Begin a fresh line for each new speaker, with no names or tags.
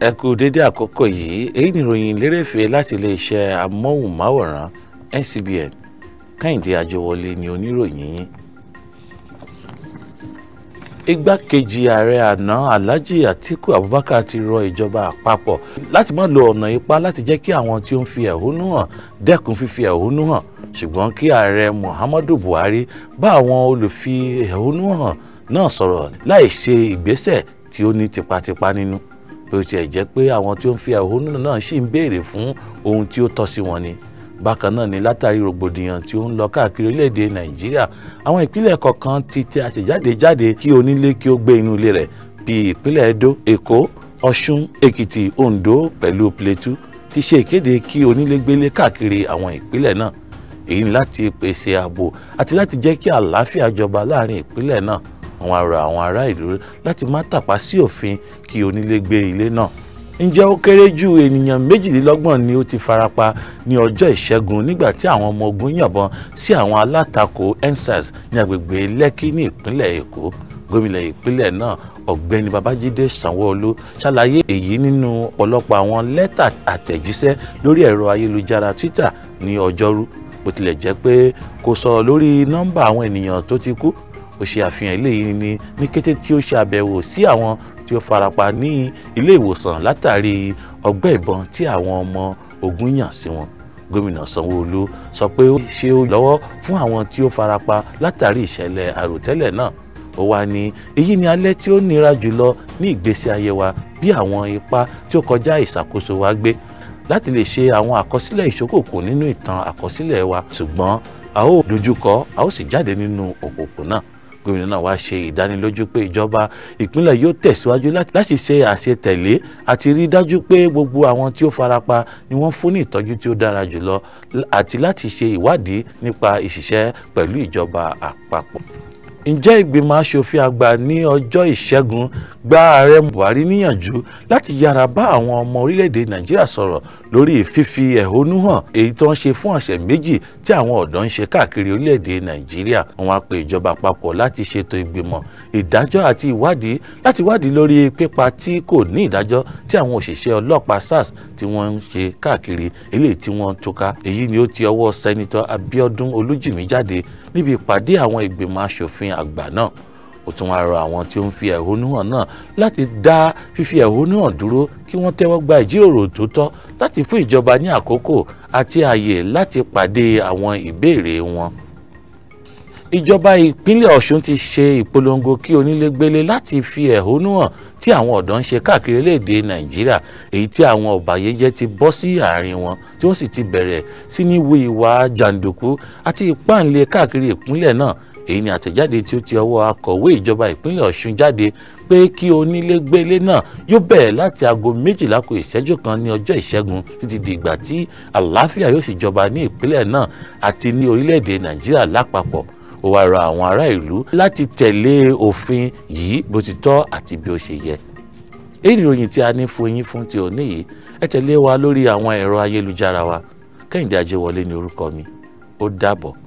ẹ kú dédé àkókò yìí èyí ni ìròyìn lérèfé láti iléeṣẹ́ amóhùnmáwòrán NCBN Kẹ́hìndé Àjọwọlé ni oníròyìn yín. Igbákejì ààrẹ àná Alhaji Atiku Abubakar ti rọ ìjọba àpapọ̀ láti má lo ọ̀nà ipá láti jẹ́ kí àwọn tí ó ń fi ẹ̀hónú hàn dẹ́kun fífi ẹ̀hónú hàn ṣùgbọ́n kí ààrẹ Muhammadu Buhari bá àwọn olùfi ẹ̀hónú hàn náà sọ̀rọ̀ láì ṣe ìgbésẹ̀ tí ó ní tipátipá nínú bí ó tiẹ̀ jẹ́ pé àwọn tí ó ń fi ẹ̀hónú náà ṣì ń béèrè fún ohun tí ó tọ́ sí wọn ni bákan náà ni látàrí rògbòdìyàn tí ó ń lọ káàkiri orílẹ̀-èdè nàìjíríà àwọn ìpínlẹ̀ kọ̀ọ̀kan ti tẹ àṣejáde jáde kí onílé kí ó gbé inú ilé rẹ̀ bíi ìpínlẹ̀ edo èkó ọ̀ṣun èkìtì oǹdó pẹ̀lú plateau ti ṣe ìkéde kí onílégbélé káàkiri àwọn ìpínlẹ̀ náà èyí ni láti pèsè ààbò àti láti jẹ́ kí àlàáfíà jọba láàrin ìpínlẹ̀ náà àwọn ará àwọn ará ìlú láti má tàpá sí òfin kí onílé gbé ilé náà ǹjẹ́ ó kéré ju ènìyàn méjìlélọ́gbọ̀n ni ó ti farapa ní ọjọ́ ìṣẹ́gun nígbà tí àwọn ọmọ ogun yìnbọn sí àwọn alátakò endsars ní agbègbè lẹ́kí ní ìpínlẹ̀ èkó gómìnà ìpínlẹ̀ náà ọ̀gbẹ́ni babájídé sanwó-olú ṣàlàyé èyí nínú ọ̀pọ̀lọpọ̀ àwọn lẹ́tà àtẹ̀jíṣẹ́ lórí ẹ̀rọ ayélujára twitter ní ọjọ́rú bó tilẹ̀ jẹ́ pé kò sọ lórí nọ́mbà àwọn ènìyàn tó ti kú ó ṣe àfihàn eléyìí ní ní kété tí ó ṣe àbẹ̀wò sí àwọn tí ó farapa ní ilé ìwòsàn látàrí ọgbẹ́ ìbọn tí àwọn ọmọ ogun yàn sí wọn gómìnà sanwóolu sọ pé ó ṣe lọ́wọ́ fún àwọn tí ó farapa látàrí ìṣẹ̀lẹ̀ àròtẹ́lẹ̀ náà ó wá ní èyí ni alẹ́ tí ó nira jùlọ ní ìgbésí ayé wa bí àwọn ipa tí ó kọjá ìṣàkóso wa gbé láti lè ṣe àwọn àkọsílẹ̀ ìṣókòkò nínú ìtàn àkọsílẹ̀ wa ṣùgbọ́n a ó dojúkọ a ó sì jáde nínú òkòkò náà gómìnà náà wá ṣe ìdánilójú pé ìjọba ìpínlẹ̀ yóò tẹ̀síwájú láti ṣe àṣetẹ̀lé àti rí dájú pé gbogbo àwọn tí ó farapa ni wọ́n fún ní ìtọ́jú tí ó dára jùlọ àti láti ṣe ìwádìí nípa ìṣiṣẹ́ pẹ̀lú ìjọba àpapọ̀ ǹjẹ́ ìgbìmọ̀ asòfin àgbà ní ọjọ́ ìṣẹ́gun gba ààrẹ buhari níyànjú láti yára bá àwọn ọmọ orílẹ̀-èdè nàìjíríà sọ̀rọ̀ lórí fífi ẹ̀hónú hàn èyí tó ń ṣe fún ọ̀sẹ̀ méjì tí àwọn ọ̀dọ́ ń ṣe káàkiri orílẹ̀-èdè nàìjíríà wọn á pe ìjọba àpapọ̀ láti ṣètò ìgbìmọ̀ ìdájọ́ àti ìwádìí láti wádìí lórí pípa tí kò ní ìdájọ́ tí àwọn òṣìṣẹ́ ọlọ́pàá sars tí wọ́n ń ṣe káàkiri eléyìí tí wọ́n ń túká èyí ni ó ti ọwọ́ sẹ́nitọ́ Abíọ́dún Olújìmí jáde níbi ìpàdé àwọn ìgbìmọ̀ asòfin àgbà náà ó tún wá rọ àwọn tí ó ń fi ẹ̀hónú hàn náà láti dá fífi ẹ̀hónú hàn dúró kí wọ́n tẹ́wọ́ gba ìjíròrò tó tọ́ láti fún ìjọba ní àkókò àti ààyè láti pàdé àwọn ìbéèrè wọn ìjọba ìpínlẹ̀ ọ̀ṣun ti ṣe ìpolongo kí onílé gbélé láti fi ẹ̀hónú hàn tí àwọn ọ̀dọ́ ń ṣe káàkiri orílẹ̀-èdè nàìjíríà èyí tí àwọn ọ̀bàyéjẹ́ ti bọ́ sí àárín wọn tí wọ́n sì ti bẹ̀rẹ̀ sí ní wu ìwà jàǹdùkú àti ìpáǹle káàkiri ìpínlẹ̀ náà èyí ni àtẹ̀jáde tí ó ti ọwọ́ akọ̀wé ìjọba ìpínlẹ̀ Ọ̀ṣun jáde pé kí onílégbélé náà yóò bẹ̀rẹ̀ láti aago méjìlá kù ìṣẹ́jú kan ní ọjọ́ ìṣẹ́gun títí di ìgbà tí àlàáfíà yóò sì jọba ní ìpínlẹ̀ náà àti ní orílẹ̀-èdè Nàìjíríà lápapọ̀ ó wá rọ àwọn ará ìlú láti tẹ̀lé òfin yìí bó ti tọ́ àti bí ó ṣe yẹ èyí ìròyìn tí a ní fún yín fún ti òní yìí ẹ tẹ̀lé wa lórí àwọn ẹ̀rọ ayélujára wa Kẹ́hìndé Ajéwọlé ni orúkọ mi ó dàbọ̀